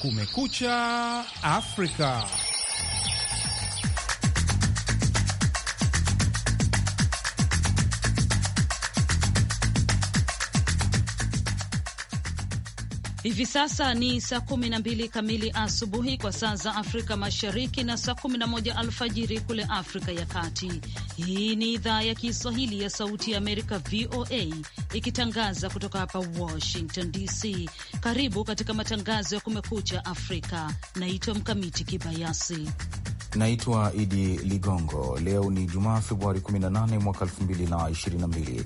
Kumekucha Afrika. Hivi sasa ni saa 12 kamili asubuhi kwa saa za Afrika Mashariki na saa 11 alfajiri kule Afrika ya Kati. Hii ni idhaa ya Kiswahili ya Sauti ya Amerika, VOA, ikitangaza kutoka hapa Washington DC. Karibu katika matangazo ya Kumekucha Afrika. Naitwa Mkamiti Kibayasi. Naitwa Idi Ligongo. Leo ni Jumaa, Februari 18 mwaka 2022.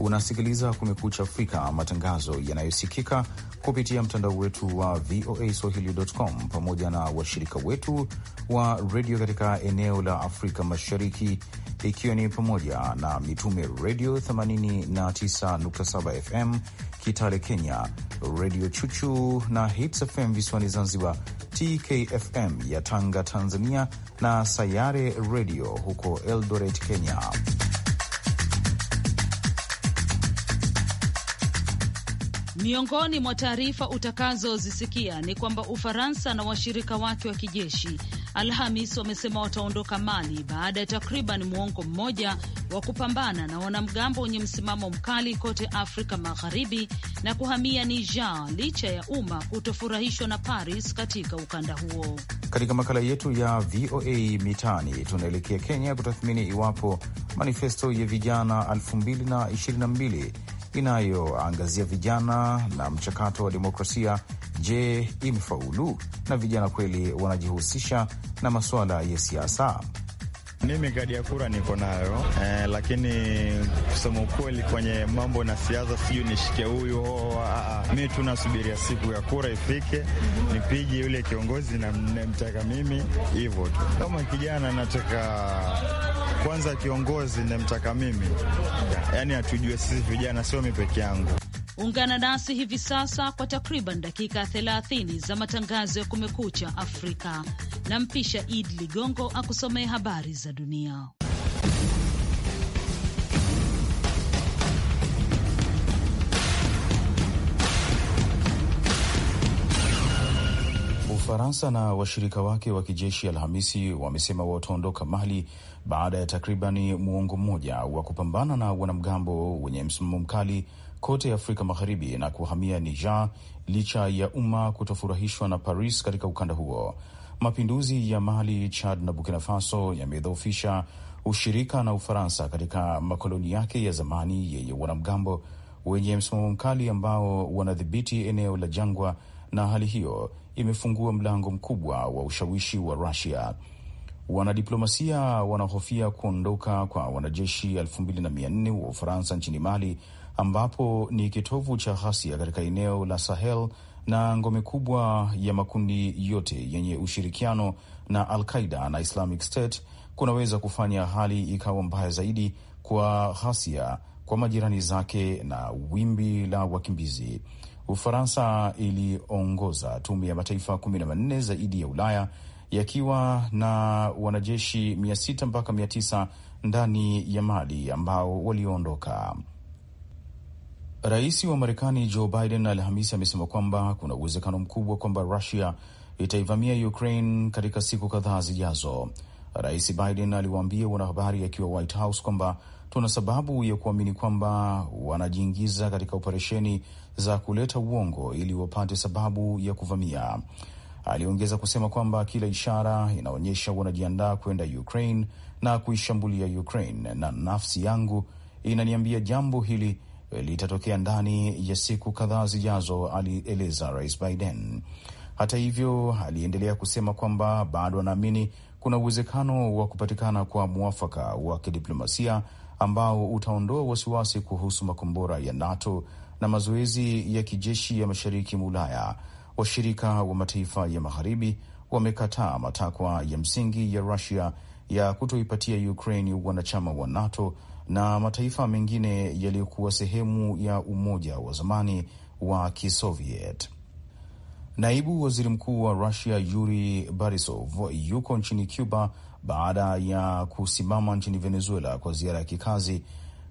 Unasikiliza Kumekucha Afrika, matangazo yanayosikika kupitia mtandao wetu wa VOA swahili.com pamoja na washirika wetu wa redio katika eneo la Afrika Mashariki ikiwa ni pamoja na Mitume Redio 89.7 FM Kitale Kenya, Redio Chuchu na Hits FM visiwani Zanzibar, TKFM ya Tanga Tanzania, na Sayare Redio huko Eldoret Kenya. Miongoni mwa taarifa utakazozisikia ni kwamba Ufaransa na washirika wake wa kijeshi Alhamis wamesema wataondoka Mali baada ya takriban muongo mmoja wa kupambana na wanamgambo wenye msimamo mkali kote Afrika Magharibi na kuhamia Niger licha ya umma kutofurahishwa na Paris katika ukanda huo. Katika makala yetu ya VOA Mitaani tunaelekea Kenya kutathmini iwapo manifesto ya vijana 2022 inayoangazia vijana na mchakato wa demokrasia. Je, imefaulu na vijana kweli wanajihusisha na masuala ya siasa? Mimi kadi ya kura niko nayo eh, lakini kusema ukweli kwenye mambo na siasa, sijui nishike huyu. Oh, ah, ah, ah. Mi tunasubiria siku ya kura ifike, nipige yule kiongozi namtaka mimi, hivyo tu. Kama kijana nataka kwanza kiongozi nimtaka mimi, yaani atujue sisi vijana, sio mi peke yangu. Ungana nasi hivi sasa kwa takriban dakika 30 za matangazo ya Kumekucha Afrika. Nampisha Id Ligongo akusomee habari za dunia. Ufaransa na washirika wake wa kijeshi Alhamisi wamesema wataondoka Mali baada ya takribani muongo mmoja wa kupambana na wanamgambo wenye msimamo mkali kote Afrika Magharibi na kuhamia Niger licha ya umma kutofurahishwa na Paris katika ukanda huo. Mapinduzi ya Mali, Chad na Burkina Faso yamedhoofisha ushirika na Ufaransa katika makoloni yake ya zamani yenye wanamgambo wenye msimamo mkali ambao wanadhibiti eneo la jangwa, na hali hiyo imefungua mlango mkubwa wa ushawishi wa Rusia. Wanadiplomasia wanahofia kuondoka kwa wanajeshi elfu wa Ufaransa nchini Mali, ambapo ni kitovu cha ghasia katika eneo la Sahel na ngome kubwa ya makundi yote yenye ushirikiano na Al Qaida na Islamic State, kunaweza kufanya hali ikawa mbaya zaidi kwa ghasia kwa majirani zake na wimbi la wakimbizi. Ufaransa iliongoza tume ya mataifa kumi na manne zaidi ya Ulaya yakiwa na wanajeshi mia sita mpaka mia tisa ndani ya Mali ambao walioondoka. Rais wa Marekani Joe Biden Alhamisi amesema kwamba kuna uwezekano mkubwa kwamba Rusia itaivamia Ukraine katika siku kadhaa zijazo. Rais Biden aliwaambia wanahabari akiwa White House kwamba tuna sababu ya kuamini kwamba wanajiingiza katika operesheni za kuleta uongo ili wapate sababu ya kuvamia. Aliongeza kusema kwamba kila ishara inaonyesha wanajiandaa kwenda Ukraine na kuishambulia Ukraine, na nafsi yangu inaniambia jambo hili litatokea ndani ya siku kadhaa zijazo, alieleza Rais Biden. Hata hivyo, aliendelea kusema kwamba bado anaamini kuna uwezekano wa kupatikana kwa mwafaka wa kidiplomasia ambao utaondoa wasiwasi kuhusu makombora ya NATO na mazoezi ya kijeshi ya mashariki mwa Ulaya washirika wa mataifa ya magharibi wamekataa matakwa ya msingi ya Rusia ya kutoipatia Ukraine wanachama wa NATO na mataifa mengine yaliyokuwa sehemu ya umoja wa zamani wa Kisoviet. Naibu waziri mkuu wa Rusia Yuri Borisov yuko nchini Cuba baada ya kusimama nchini Venezuela kwa ziara ya kikazi.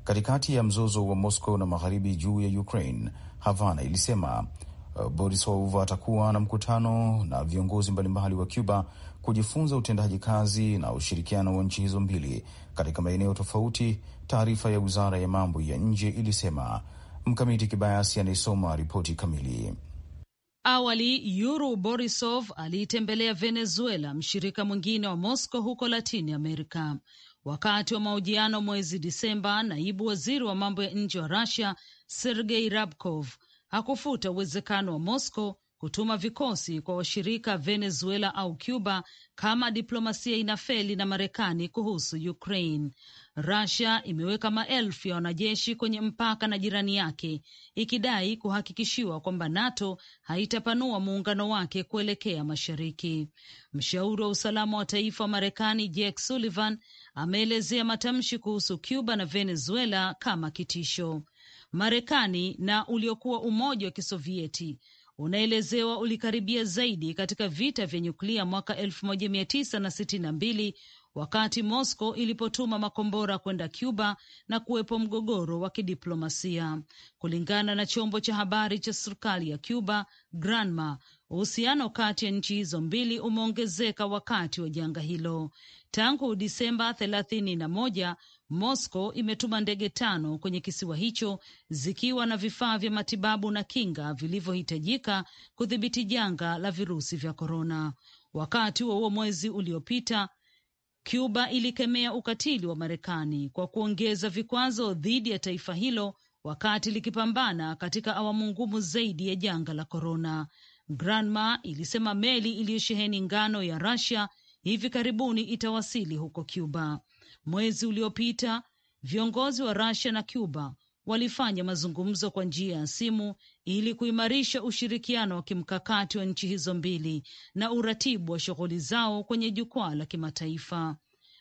Katikati ya mzozo wa Moscow na magharibi juu ya Ukraine, Havana ilisema Uh, Boris atakuwa na mkutano na viongozi mbalimbali wa Cuba kujifunza utendaji kazi na ushirikiano wa nchi hizo mbili katika maeneo tofauti. Taarifa ya wizara ya mambo ya nje ilisema. Mkamiti Kibayasi anayesoma ripoti kamili. Awali Yuru Borisov aliitembelea Venezuela, mshirika mwingine wa Moscow huko Latini america Wakati wa mahojiano mwezi Disemba, naibu waziri wa mambo ya nje wa Rusia Sergei Rabkov hakufuta uwezekano wa Moscow kutuma vikosi kwa washirika Venezuela au Cuba kama diplomasia inafeli na Marekani kuhusu Ukraine. Russia imeweka maelfu ya wanajeshi kwenye mpaka na jirani yake ikidai kuhakikishiwa kwamba NATO haitapanua muungano wake kuelekea mashariki. Mshauri wa usalama wa taifa wa Marekani Jake Sullivan ameelezea matamshi kuhusu Cuba na Venezuela kama kitisho. Marekani na uliokuwa Umoja wa Kisovieti unaelezewa ulikaribia zaidi katika vita vya nyuklia mwaka 1962 wakati Moscow ilipotuma makombora kwenda Cuba na kuwepo mgogoro wa kidiplomasia. Kulingana na chombo cha habari cha serikali ya Cuba, Granma, uhusiano kati ya nchi hizo mbili umeongezeka wakati wa janga hilo. Tangu Disemba 31 Moscow imetuma ndege tano kwenye kisiwa hicho zikiwa na vifaa vya matibabu na kinga vilivyohitajika kudhibiti janga la virusi vya korona. Wakati wa huo mwezi uliopita Cuba ilikemea ukatili wa Marekani kwa kuongeza vikwazo dhidi ya taifa hilo wakati likipambana katika awamu ngumu zaidi ya janga la korona. Granma ilisema meli iliyosheheni ngano ya Russia hivi karibuni itawasili huko Cuba. Mwezi uliopita viongozi wa rasia na Cuba walifanya mazungumzo kwa njia ya simu ili kuimarisha ushirikiano wa kimkakati wa nchi hizo mbili na uratibu wa shughuli zao kwenye jukwaa la kimataifa.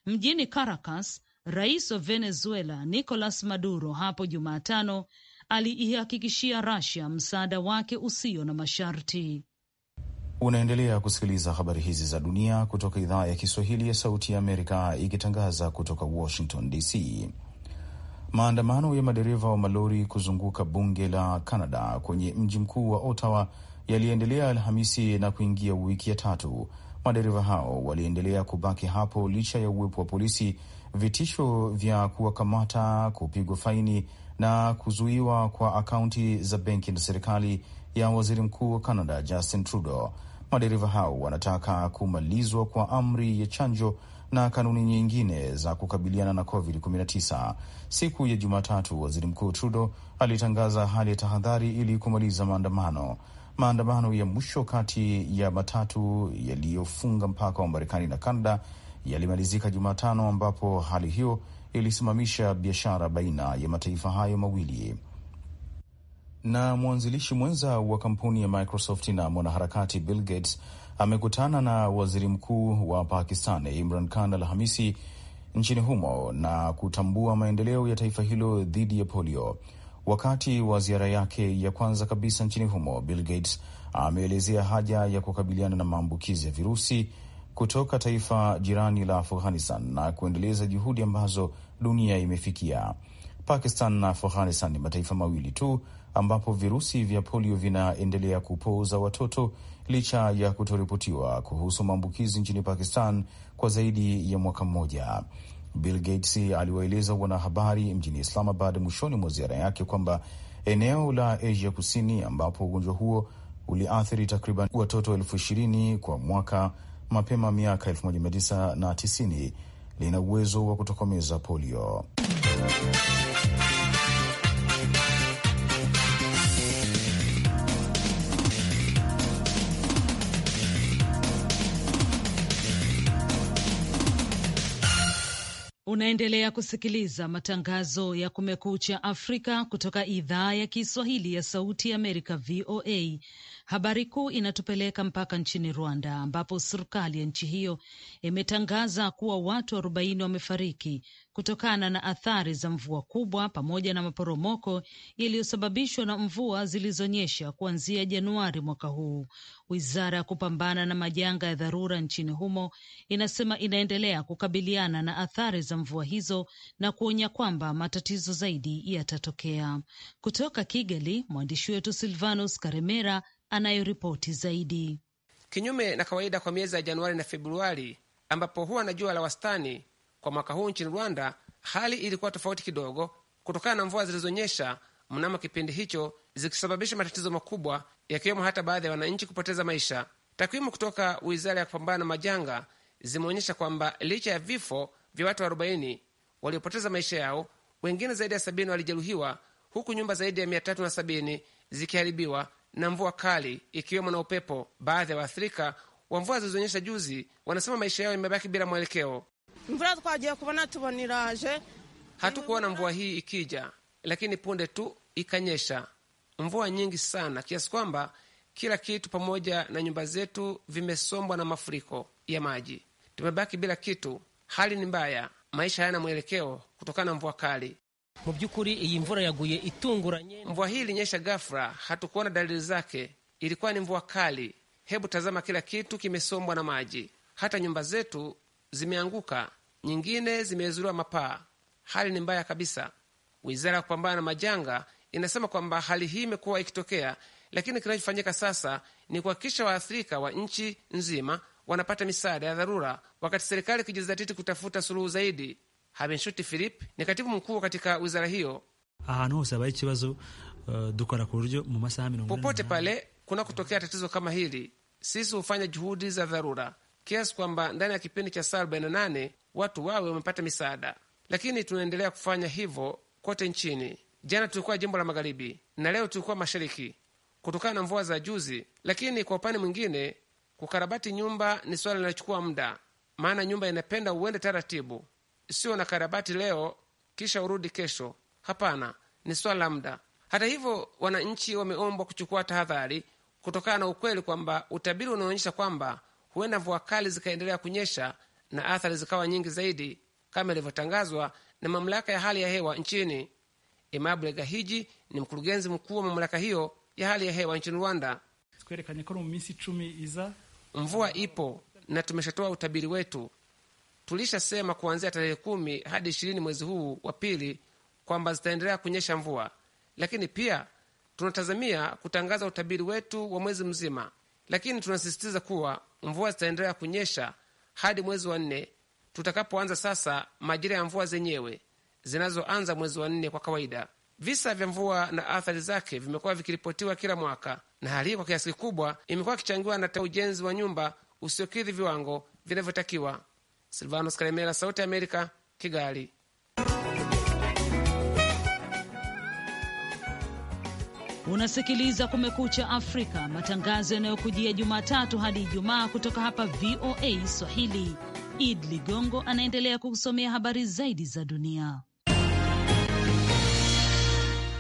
Mjini Caracas, rais wa Venezuela Nicolas Maduro hapo Jumatano aliihakikishia rasia msaada wake usio na masharti. Unaendelea kusikiliza habari hizi za dunia kutoka idhaa ya Kiswahili ya Sauti ya Amerika ikitangaza kutoka Washington DC. Maandamano ya madereva wa malori kuzunguka bunge la Kanada kwenye mji mkuu wa Ottawa yaliendelea Alhamisi na kuingia wiki ya tatu. Madereva hao waliendelea kubaki hapo licha ya uwepo wa polisi, vitisho vya kuwakamata, kupigwa faini na kuzuiwa kwa akaunti za benki na serikali ya waziri mkuu wa canada Justin Trudeau. Madereva hao wanataka kumalizwa kwa amri ya chanjo na kanuni nyingine za kukabiliana na COVID-19. Siku ya Jumatatu, waziri mkuu Trudeau alitangaza hali ya tahadhari ili kumaliza maandamano. Maandamano ya mwisho kati ya matatu yaliyofunga mpaka wa Marekani na Kanada yalimalizika Jumatano, ambapo hali hiyo ilisimamisha biashara baina ya mataifa hayo mawili na mwanzilishi mwenza wa kampuni ya Microsoft na mwanaharakati Bill Gates amekutana na waziri mkuu wa Pakistan Imran Khan Alhamisi nchini humo na kutambua maendeleo ya taifa hilo dhidi ya polio. Wakati wa ziara yake ya kwanza kabisa nchini humo, Bill Gates ameelezea haja ya kukabiliana na maambukizi ya virusi kutoka taifa jirani la Afghanistan na kuendeleza juhudi ambazo dunia imefikia. Pakistan na Afghanistan ni mataifa mawili tu ambapo virusi vya polio vinaendelea kupooza watoto licha ya kutoripotiwa kuhusu maambukizi nchini Pakistan kwa zaidi ya mwaka mmoja. Bill Gates aliwaeleza wanahabari mjini Islamabad mwishoni mwa ziara yake kwamba eneo la Asia Kusini ambapo ugonjwa huo uliathiri takriban watoto elfu ishirini kwa mwaka mapema miaka 1990 lina uwezo wa kutokomeza polio. Unaendelea kusikiliza matangazo ya Kumekucha Afrika kutoka idhaa ya Kiswahili ya Sauti ya Amerika, VOA. Habari kuu inatupeleka mpaka nchini Rwanda ambapo serikali ya nchi hiyo imetangaza kuwa watu arobaini wamefariki kutokana na athari za mvua kubwa pamoja na maporomoko yaliyosababishwa na mvua zilizonyesha kuanzia Januari mwaka huu. Wizara ya kupambana na majanga ya dharura nchini humo inasema inaendelea kukabiliana na athari za mvua hizo na kuonya kwamba matatizo zaidi yatatokea. Kutoka Kigali, mwandishi wetu Silvanus Karemera anayoripoti zaidi. Kinyume na kawaida kwa miezi ya Januari na Februari ambapo huwa na jua la wastani, kwa mwaka huu nchini Rwanda hali ilikuwa tofauti kidogo kutokana na mvua zilizonyesha mnamo kipindi hicho zikisababisha matatizo makubwa yakiwemo hata baadhi ya wananchi kupoteza maisha. Takwimu kutoka wizara ya kupambana na majanga zimeonyesha kwamba licha ya vifo vya watu 40 waliopoteza maisha yao, wengine zaidi ya 70 walijeruhiwa, huku nyumba zaidi ya 370 zikiharibiwa na mvua kali ikiwemo na upepo. Baadhi ya waathirika wa mvua zilizoonyesha juzi wanasema maisha yao yamebaki bila mwelekeo. Hatukuona mvua hii ikija, lakini punde tu ikanyesha mvua nyingi sana kiasi kwamba kila kitu pamoja na nyumba zetu vimesombwa na mafuriko ya maji. Tumebaki bila kitu. Hali ni mbaya, maisha hayana mwelekeo kutokana na mvua kali. Mu byukuri iyi mvura yaguye itunguranye. Mvua hii ilinyesha ghafla, hatukuona dalili zake. Ilikuwa ni mvua kali. Hebu tazama, kila kitu kimesombwa na maji, hata nyumba zetu zimeanguka, nyingine zimeezuliwa mapaa. Hali ni mbaya kabisa. Wizara ya kupambana na majanga inasema kwamba hali hii imekuwa ikitokea, lakini kinachofanyika sasa ni kuhakikisha waathirika wa nchi nzima wanapata misaada ya dharura, wakati serikali ikijizatiti kutafuta suluhu zaidi. Habinshuti Philip ni katibu mkuu katika wizara hiyo. Popote pale kuna kutokea tatizo kama hili, sisi hufanya juhudi za dharura kiasi kwamba ndani ya kipindi cha saa 48 watu wawe wamepata misaada, lakini tunaendelea kufanya hivyo kote nchini. Jana tulikuwa jimbo la magharibi na leo tulikuwa mashariki kutokana na mvua za juzi. Lakini kwa upande mwingine, kukarabati nyumba ni swala linalochukua muda, maana nyumba inapenda uende taratibu sio na karabati leo kisha urudi kesho. Hapana, ni swala la muda. Hata hivyo, wananchi wameombwa kuchukua tahadhari kutokana na ukweli kwamba utabiri unaonyesha kwamba huenda mvua kali zikaendelea kunyesha na athari zikawa nyingi zaidi kama ilivyotangazwa na mamlaka ya hali ya hewa nchini. Aimable Gahiji ni mkurugenzi mkuu wa mamlaka hiyo ya hali ya hewa nchini Rwanda. Mvua ipo na tumeshatoa utabiri wetu Tulishasema kuanzia tarehe kumi hadi ishirini mwezi huu wa pili kwamba zitaendelea kunyesha mvua, lakini pia tunatazamia kutangaza utabiri wetu wa mwezi mzima, lakini tunasisitiza kuwa mvua zitaendelea kunyesha hadi mwezi wa nne tutakapoanza sasa majira ya mvua zenyewe zinazoanza mwezi wa nne kwa kawaida. Visa vya mvua na athari zake vimekuwa vikiripotiwa kila mwaka, na hali hii kwa kiasi kikubwa imekuwa ikichangiwa na ujenzi wa nyumba usiokidhi viwango vinavyotakiwa. Silvanos Karemera, Sauti Amerika, Kigali. Unasikiliza Kumekucha Afrika, matangazo yanayokujia Jumatatu hadi Ijumaa kutoka hapa VOA Swahili. Id Ligongo anaendelea kukusomea habari zaidi za dunia.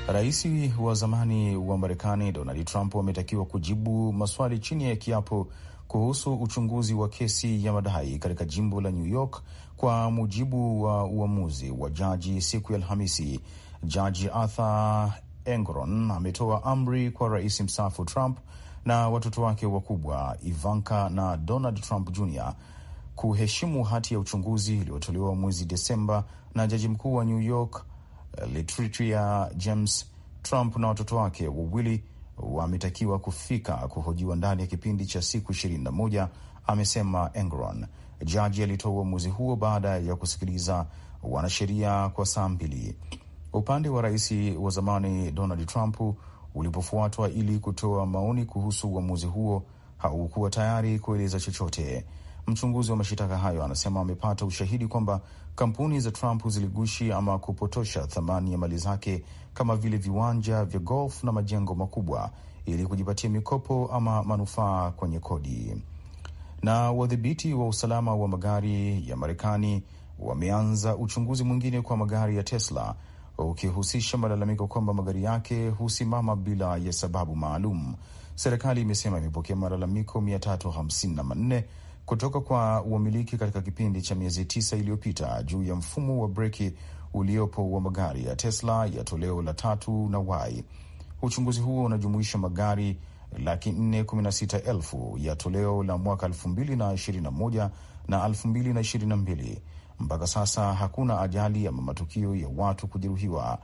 Rais wa zamani wa Marekani Donald Trump ametakiwa kujibu maswali chini ya kiapo kuhusu uchunguzi wa kesi ya madai katika jimbo la New York kwa mujibu wa uamuzi wa jaji siku ya Alhamisi. Jaji Arthur engron ametoa amri kwa rais mstaafu Trump na watoto wake wakubwa Ivanka na Donald Trump Jr kuheshimu hati ya uchunguzi iliyotolewa mwezi Desemba na jaji mkuu wa New York Letitia James. Trump na watoto wake wawili wametakiwa kufika kuhojiwa ndani ya kipindi cha siku ishirini na moja, amesema Engron. Jaji alitoa uamuzi huo baada ya kusikiliza wanasheria kwa saa mbili. Upande wa rais wa zamani Donald Trump ulipofuatwa ili kutoa maoni kuhusu uamuzi huo haukuwa tayari kueleza chochote. Mchunguzi wa mashitaka hayo anasema amepata ushahidi kwamba kampuni za Trump ziligushi ama kupotosha thamani ya mali zake kama vile viwanja vya golf na majengo makubwa ili kujipatia mikopo ama manufaa kwenye kodi. Na wadhibiti wa usalama wa magari ya Marekani wameanza uchunguzi mwingine kwa magari ya Tesla ukihusisha malalamiko kwamba magari yake husimama bila ya sababu maalum. Serikali imesema imepokea malalamiko manne kutoka kwa wamiliki katika kipindi cha miezi tisa iliyopita juu ya mfumo wa breki uliopo wa magari ya Tesla ya toleo la tatu na wai Uchunguzi huo unajumuisha magari laki nne kumi na sita elfu ya toleo la mwaka elfu mbili na ishirini na moja na elfu mbili na ishirini na mbili. Mpaka sasa hakuna ajali ama matukio ya watu kujeruhiwa.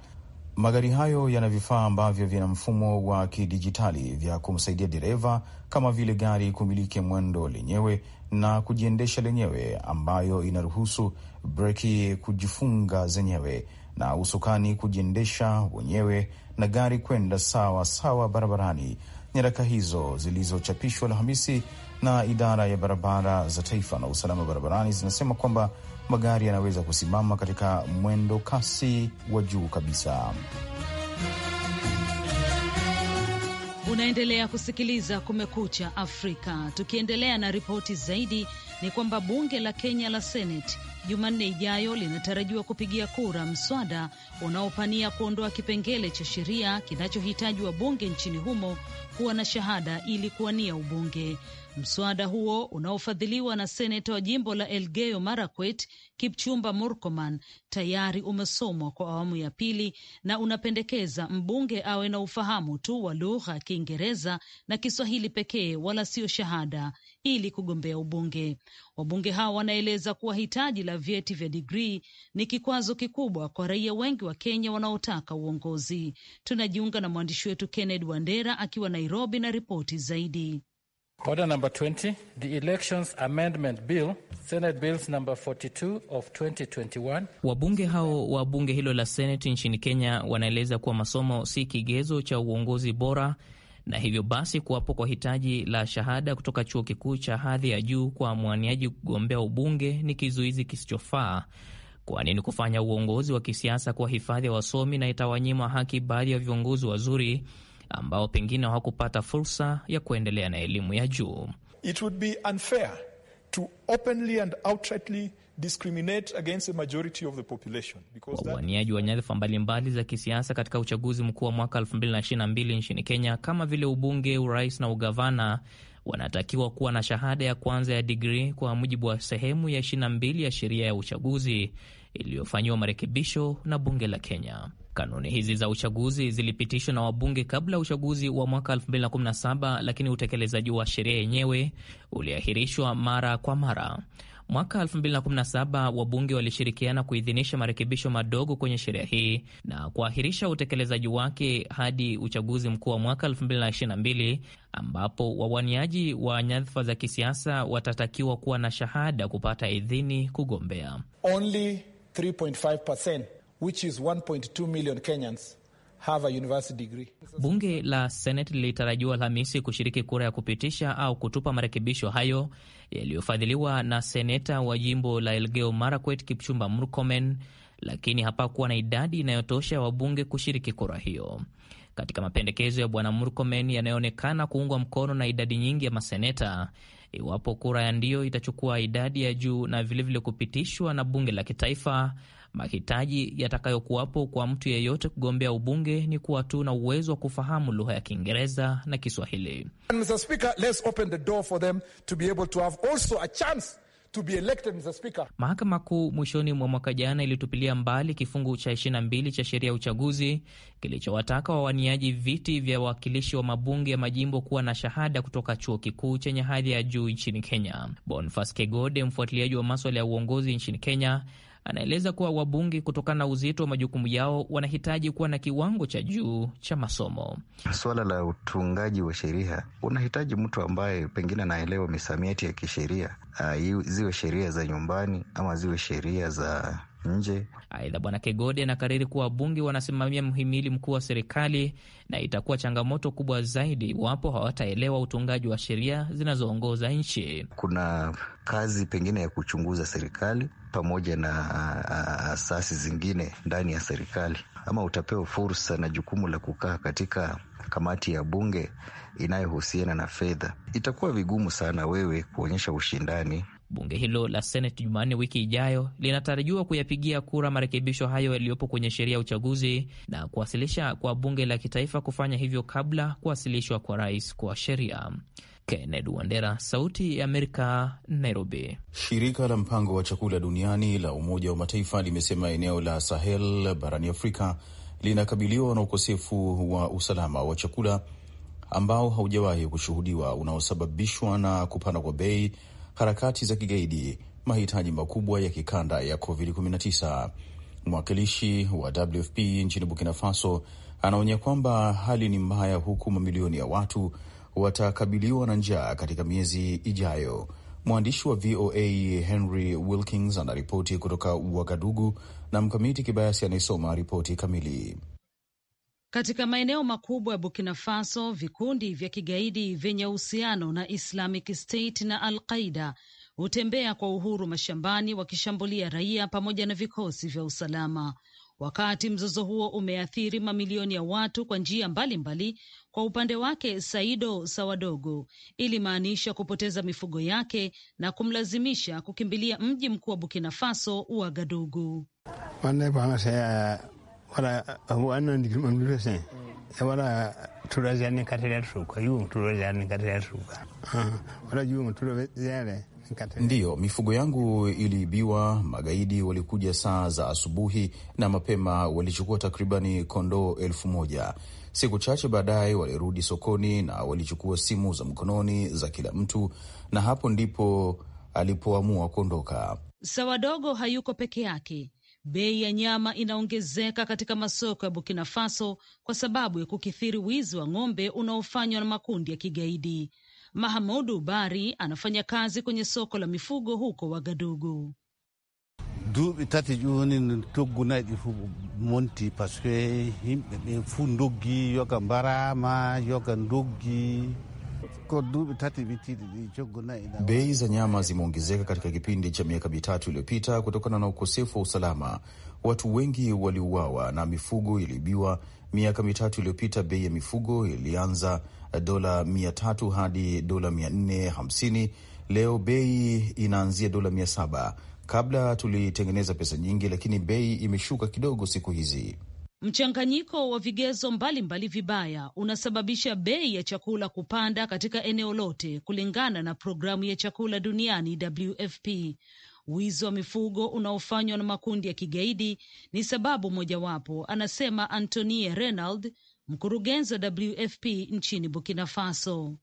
Magari hayo yana vifaa ambavyo vina mfumo wa kidijitali vya kumsaidia dereva kama vile gari kumiliki mwendo lenyewe na kujiendesha lenyewe, ambayo inaruhusu breki kujifunga zenyewe na usukani kujiendesha wenyewe na gari kwenda sawa sawa barabarani. Nyaraka hizo zilizochapishwa Alhamisi na idara ya barabara za taifa na usalama barabarani zinasema kwamba magari yanaweza kusimama katika mwendo kasi wa juu kabisa. Unaendelea kusikiliza Kumekucha Afrika. Tukiendelea na ripoti zaidi, ni kwamba bunge la Kenya la Seneti Jumanne ijayo linatarajiwa kupigia kura mswada unaopania kuondoa kipengele cha sheria kinachohitaji wabunge nchini humo kuwa na shahada ili kuwania ubunge. Mswada huo unaofadhiliwa na seneta wa jimbo la Elgeyo Marakwet Kipchumba murkoman tayari umesomwa kwa awamu ya pili na unapendekeza mbunge awe na ufahamu tu wa lugha ya Kiingereza na Kiswahili pekee, wala sio shahada ili kugombea ubunge. Wabunge hao wanaeleza kuwa hitaji la vyeti vya digrii ni kikwazo kikubwa kwa raia wengi wa Kenya wanaotaka uongozi. Tunajiunga na mwandishi wetu Kenneth Wandera akiwa Nairobi na ripoti zaidi. Order number 20, the Elections Amendment Bill, Senate Bills number 42 of 2021. Wabunge hao wa bunge hilo la Seneti nchini Kenya wanaeleza kuwa masomo si kigezo cha uongozi bora na hivyo basi kuwapo kwa hitaji la shahada kutoka chuo kikuu cha hadhi ya juu kwa mwaniaji kugombea ubunge ni kizuizi kisichofaa, kwani ni kufanya uongozi wa kisiasa kwa hifadhi ya wasomi na itawanyima haki baadhi ya viongozi wazuri ambao pengine hawakupata fursa ya kuendelea na elimu ya juu. It would be unfair to openly and outrightly wawaniaji wa nyadhifa mbalimbali za kisiasa katika uchaguzi mkuu wa mwaka 2022 nchini Kenya kama vile ubunge, urais na ugavana wanatakiwa kuwa na shahada ya kwanza ya digrii kwa mujibu wa sehemu ya 22 ya sheria ya uchaguzi iliyofanyiwa marekebisho na bunge la Kenya. Kanuni hizi za uchaguzi zilipitishwa na wabunge kabla ya uchaguzi wa mwaka 2017 lakini utekelezaji wa sheria yenyewe uliahirishwa mara kwa mara. Mwaka 2017 wabunge walishirikiana kuidhinisha marekebisho madogo kwenye sheria hii na kuahirisha utekelezaji wake hadi uchaguzi mkuu wa mwaka 2022 ambapo wawaniaji wa nyadhifa za kisiasa watatakiwa kuwa na shahada kupata idhini kugombea Only 3.5%, which is 1.2 million Kenyans have a university degree. Bunge la Senate lilitarajiwa Alhamisi kushiriki kura ya kupitisha au kutupa marekebisho hayo yaliyofadhiliwa na seneta wa jimbo la Elgeyo Marakwet Kipchumba Murkomen, lakini hapakuwa na idadi inayotosha wabunge kushiriki kura hiyo. Katika mapendekezo ya Bwana Murkomen yanayoonekana kuungwa mkono na idadi nyingi ya maseneta, iwapo kura ya ndio itachukua idadi ya juu na vilevile vile kupitishwa na bunge la kitaifa. Mahitaji yatakayokuwapo kwa mtu yeyote kugombea ubunge ni kuwa tu na uwezo wa kufahamu lugha ya Kiingereza na Kiswahili. And Mr. Speaker, let's open the door for them to be able to have also a chance to be elected Mr. Speaker. Mahakama Kuu mwishoni mwa mwaka jana ilitupilia mbali kifungu cha 22 cha sheria ya uchaguzi kilichowataka wawaniaji viti vya wawakilishi wa mabunge ya majimbo kuwa na shahada kutoka chuo kikuu chenye hadhi ya juu nchini Kenya. Bonfas Kegode, mfuatiliaji wa maswala ya uongozi nchini Kenya, anaeleza kuwa wabunge, kutokana na uzito wa majukumu yao, wanahitaji kuwa na kiwango cha juu cha masomo. swala la utungaji wa sheria unahitaji mtu ambaye pengine anaelewa misamiati ya kisheria, ah, ziwe sheria za nyumbani ama ziwe sheria za nje. Aidha, Bwana Kegode anakariri kuwa wabunge wanasimamia mhimili mkuu wa serikali na itakuwa changamoto kubwa zaidi iwapo hawataelewa utungaji wa sheria zinazoongoza nchi. Kuna kazi pengine ya kuchunguza serikali pamoja na asasi zingine ndani ya serikali, ama utapewa fursa na jukumu la kukaa katika kamati ya bunge inayohusiana na fedha, itakuwa vigumu sana wewe kuonyesha ushindani Bunge hilo la Seneti Jumanne wiki ijayo linatarajiwa kuyapigia kura marekebisho hayo yaliyopo kwenye sheria ya uchaguzi na kuwasilisha kwa bunge la kitaifa kufanya hivyo kabla kuwasilishwa kwa rais kwa sheria. Kennedy Wandera, Sauti ya Amerika, Nairobi. Shirika la mpango wa chakula duniani la Umoja wa Mataifa limesema eneo la Sahel barani Afrika linakabiliwa na ukosefu wa usalama wa chakula ambao haujawahi kushuhudiwa unaosababishwa na kupanda kwa bei harakati za kigaidi, mahitaji makubwa ya kikanda ya COVID-19. Mwakilishi wa WFP nchini Burkina Faso anaonya kwamba hali ni mbaya, huku mamilioni ya watu watakabiliwa na njaa katika miezi ijayo. Mwandishi wa VOA Henry Wilkins anaripoti kutoka Wagadugu na Mkamiti Kibayasi anayesoma ripoti kamili. Katika maeneo makubwa ya Burkina Faso, vikundi vya kigaidi vyenye uhusiano na Islamic State na Al Qaida hutembea kwa uhuru mashambani wakishambulia raia pamoja na vikosi vya usalama. Wakati mzozo huo umeathiri mamilioni ya watu kwa njia mbalimbali. Kwa upande wake, Saido Sawadogo ilimaanisha kupoteza mifugo yake na kumlazimisha kukimbilia mji mkuu wa Burkina Faso, Uagadugu wala wannan dikin mamlulu sai wala tura zani katere tuka yu tura zani katere tuka mm. wala yu tura zani ndio mifugo yangu iliibiwa. Magaidi walikuja saa za asubuhi na mapema, walichukua takribani kondoo elfu moja. Siku chache baadaye walirudi sokoni na walichukua simu za mkononi za kila mtu, na hapo ndipo alipoamua kuondoka. Sawadogo hayuko peke yake. Bei ya nyama inaongezeka katika masoko ya Burkina Faso kwa sababu ya kukithiri wizi wa ng'ombe unaofanywa na makundi ya kigaidi. Mahamudu Bari anafanya kazi kwenye soko la mifugo huko Wagadugu. tati mbarama Bei za nyama zimeongezeka katika kipindi cha miaka mitatu iliyopita kutokana na ukosefu wa usalama. Watu wengi waliuawa na mifugo iliibiwa. Miaka mitatu iliyopita bei ya mifugo ilianza dola mia tatu hadi dola mia nne hamsini. Leo bei inaanzia dola mia saba. Kabla tulitengeneza pesa nyingi, lakini bei imeshuka kidogo siku hizi. Mchanganyiko wa vigezo mbalimbali mbali vibaya unasababisha bei ya chakula kupanda katika eneo lote, kulingana na programu ya chakula duniani WFP. Wizi wa mifugo unaofanywa na makundi ya kigaidi ni sababu mojawapo, anasema Antonie Renald, mkurugenzi wa WFP nchini Burkina Faso.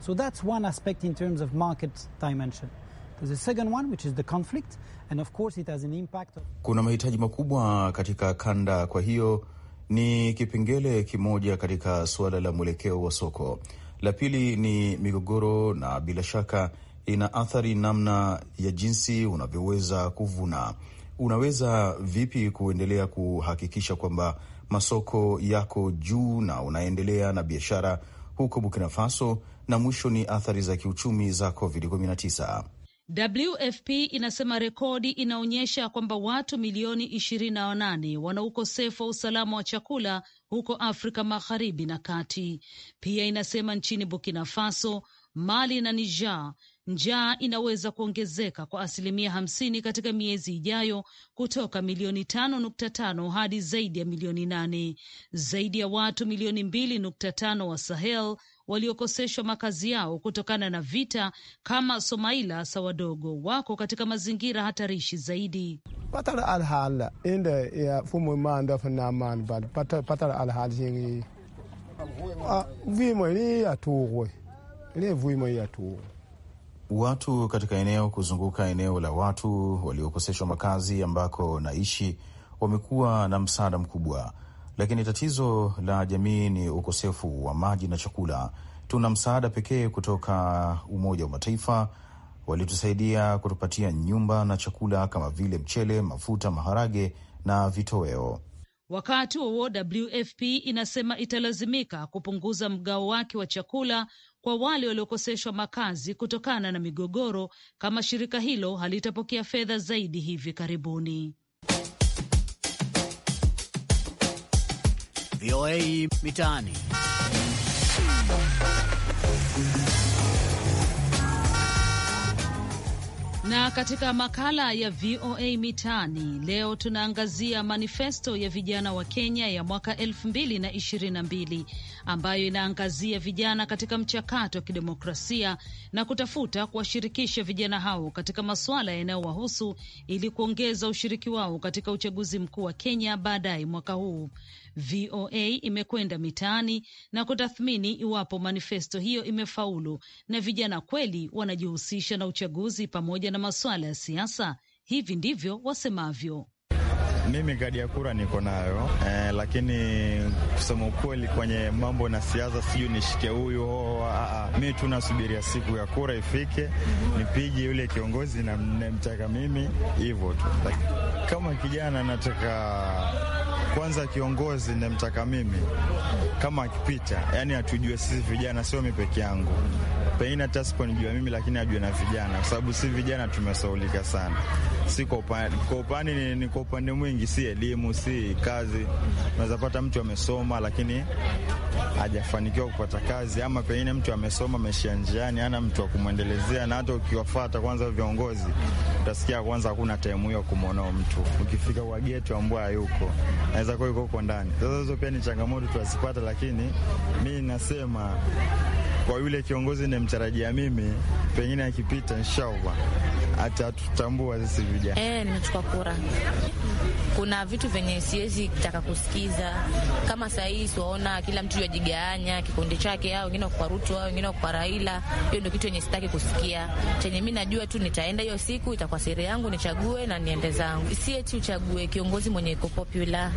So that's one aspect in terms of market dimension. There's a second one, which is the conflict. And of course it has an impact. Kuna mahitaji makubwa katika kanda, kwa hiyo ni kipengele kimoja katika suala la mwelekeo wa soko. La pili ni migogoro, na bila shaka ina athari namna ya jinsi unavyoweza kuvuna. Unaweza vipi kuendelea kuhakikisha kwamba masoko yako juu na unaendelea na biashara huko Burkina Faso? Na mwisho ni athari za kiuchumi za COVID-19. WFP inasema rekodi inaonyesha kwamba watu milioni ishirini na wanane wana ukosefu wa usalama wa chakula huko Afrika magharibi na kati. Pia inasema nchini Burkina Faso, Mali na Niger njaa inaweza kuongezeka kwa asilimia hamsini katika miezi ijayo kutoka milioni tano nukta tano hadi zaidi ya milioni nane. Zaidi ya watu milioni mbili nukta tano wa Sahel waliokoseshwa makazi yao kutokana na vita kama Somaila Sawadogo wako katika mazingira hatarishi zaidi. Watu katika eneo kuzunguka eneo la watu waliokoseshwa makazi ambako naishi wamekuwa na msaada mkubwa lakini tatizo la jamii ni ukosefu wa maji na chakula. Tuna msaada pekee kutoka Umoja wa Mataifa, walitusaidia kutupatia nyumba na chakula kama vile mchele, mafuta, maharage na vitoweo. Wakati huo WFP inasema italazimika kupunguza mgao wake wa chakula kwa wale waliokoseshwa makazi kutokana na migogoro kama shirika hilo halitapokea fedha zaidi hivi karibuni. VOA Mitaani. Na katika makala ya VOA Mitaani leo tunaangazia manifesto ya vijana wa Kenya ya mwaka 2022 ambayo inaangazia vijana katika mchakato wa kidemokrasia na kutafuta kuwashirikisha vijana hao katika masuala yanayowahusu ili kuongeza ushiriki wao katika uchaguzi mkuu wa Kenya baadaye mwaka huu. VOA imekwenda mitaani na kutathmini iwapo manifesto hiyo imefaulu na vijana kweli wanajihusisha na uchaguzi pamoja na masuala ya siasa. Hivi ndivyo wasemavyo. Mimi kadi ya kura niko nayo eh, lakini kusema ukweli kwenye mambo na siasa sijui nishike huyu oh, Mi tu nasubiria siku ya kura ifike nipige yule kiongozi namtaka mimi, hivyo tu. Kama kijana nataka kwanza kiongozi namtaka mimi kama akipita, yani atujue sisi vijana, sio mi peke yangu, pengine hata siponijua mimi, lakini ajue na vijana, kwa sababu si vijana tumesaulika sana, si kwa upande ni, ni kwa upande mwingi, si elimu, si kazi. Unaweza pata mtu amesoma lakini hajafanikiwa kupata kazi, ama pengine mtu amesoma ameshia njiani, ana mtu wa kumwendelezea. Na hata ukiwafata kwanza viongozi, utasikia kwanza hakuna taimu hiyo kumwonao mtu, ukifika kwa getu ambwa yuko inaweza kuwa iko huko ndani. Sasa hizo pia ni changamoto tunazipata, lakini mi nasema kwa yule kiongozi nimemtarajia mimi, pengine akipita, inshallah hata tutambua sisi vijana eh. Nimechukua kura, kuna vitu venye siwezi taka kusikiza kama sahii, siwaona kila mtu yajigawanya kikundi chake, au wengine kwa Ruto au wengine kwa Raila. Hiyo ndio kitu yenye sitaki kusikia. Chenye mi najua tu nitaenda hiyo siku, itakuwa siri yangu, nichague na niende zangu. Si eti uchague kiongozi mwenye iko popular.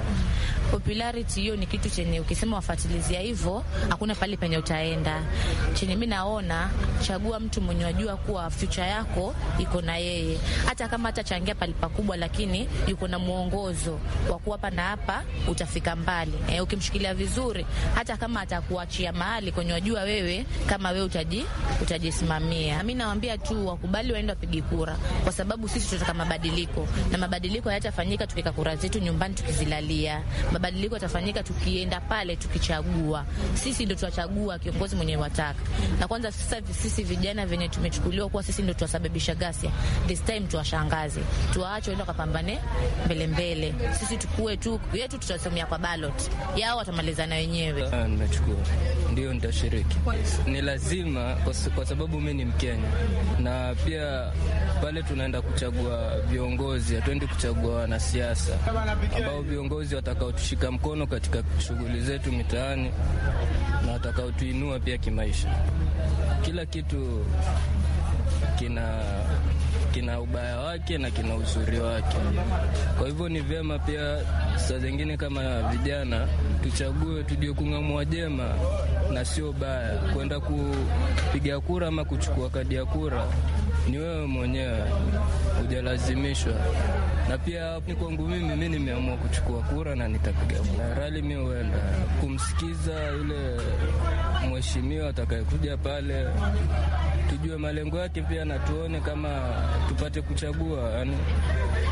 Popularity hiyo ni kitu chenye ukisema wafatilizia hivyo, hakuna pale penye utaenda. Chenye mi naona, chagua mtu mwenye wajua kuwa future yako iko na na yeye, hata kama atachangia palipa kubwa, lakini yuko na mwongozo wa kuwa hapa na hapa utafika mbali. E, ukimshikilia vizuri, hata kama atakuachia mahali kwenye, wajua wewe kama wewe utaji utajisimamia. Mimi nawaambia tu wakubali, waende wapige kura, kwa sababu sisi tunataka mabadiliko, na mabadiliko hayatafanyika tukika kura zetu nyumbani tukizilalia. Mabadiliko yatafanyika tukienda pale tukichagua. Sisi ndio tuwachagua kiongozi mwenye wataka. Na kwanza sasa sisi vijana venye tumechukuliwa kuwa sisi ndio tuwasababisha ghasia, this time tuwashangaze, tuwaache waenda wakapambane mbele mbele, sisi tukue tu yetu, tutasomea kwa balot yao, watamalizana wenyewe. Ah, Nimechukua ndio, nitashiriki, ni lazima kwa sababu mi ni Mkenya na pia pale tunaenda kuchagua viongozi, hatuendi kuchagua wanasiasa ambao viongozi watakaotushika mkono katika shughuli zetu mitaani na watakaotuinua pia kimaisha. Kila kitu kina kina ubaya wake na kina uzuri wake. Kwa hivyo ni vyema pia saa zingine kama vijana tuchague tujue kung'amua jema na sio baya. Kwenda kupiga kura ama kuchukua kadi ya kura ni wewe mwenyewe, hujalazimishwa. Na pia ni kwangu mimi, mi nimeamua kuchukua kura na nitapiga kura. Rali mi huenda kumsikiza yule mheshimiwa atakayekuja pale tujue malengo yake pia na tuone kama tupate kuchagua, yani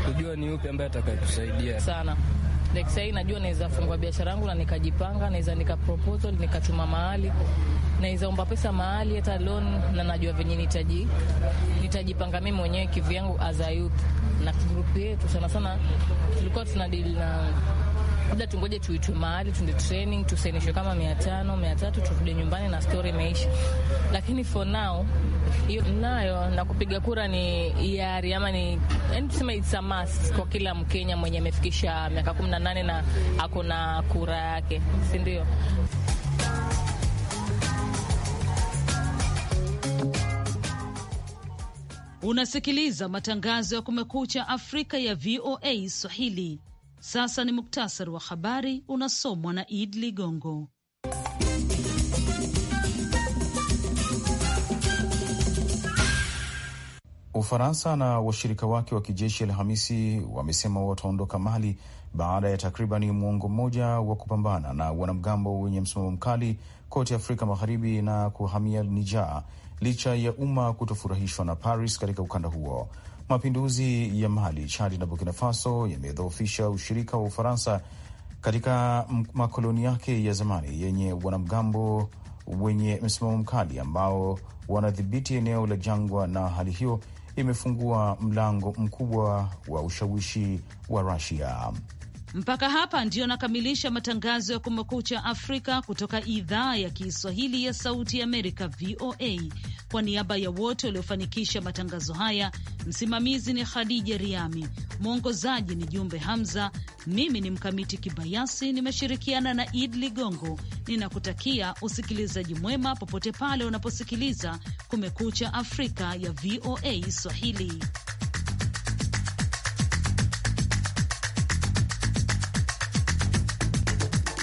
kujua ni yupi ambaye atakayetusaidia sana. Like sahii najua naweza fungua biashara yangu na nikajipanga, naweza nika proposal nikatuma mahali naweza omba pesa mahali hata loan, na najua venye nitaji nitajipanga mimi mwenyewe kivyangu as a youth na group yetu. Sana sana tulikuwa tuna deal na labda tungoje tuitwe mahali tuende training tusainishwe kama mia tano mia tatu turudi nyumbani na stori imeisha. Lakini for now hiyo nayo na kupiga kura ni hiari ama ni yani, tuseme it's a must kwa kila Mkenya mwenye amefikisha miaka kumi na nane na ako na kura yake, si ndio? Unasikiliza matangazo ya Kumekucha Afrika ya VOA Swahili sasa ni muktasari wa habari unasomwa na Id Ligongo. Ufaransa na washirika wake wa kijeshi Alhamisi wamesema wataondoka Mali baada ya takribani mwongo mmoja wa kupambana na wanamgambo wenye msimamo mkali kote Afrika Magharibi na kuhamia Niger licha ya umma kutofurahishwa na Paris katika ukanda huo. Mapinduzi ya Mali, Chadi na Burkina Faso yamedhoofisha ushirika wa Ufaransa katika makoloni yake ya zamani yenye wanamgambo wenye msimamo mkali ambao wanadhibiti eneo la jangwa, na hali hiyo imefungua mlango mkubwa wa ushawishi wa Rusia. Mpaka hapa ndiyo nakamilisha matangazo ya Kumekucha Afrika kutoka idhaa ya Kiswahili ya Sauti ya Amerika, VOA. Kwa niaba ya wote waliofanikisha matangazo haya, msimamizi ni Khadija Riami, mwongozaji ni Jumbe Hamza, mimi ni Mkamiti Kibayasi, nimeshirikiana na Id Ligongo. Ninakutakia usikilizaji mwema popote pale unaposikiliza Kumekucha Afrika ya VOA Swahili.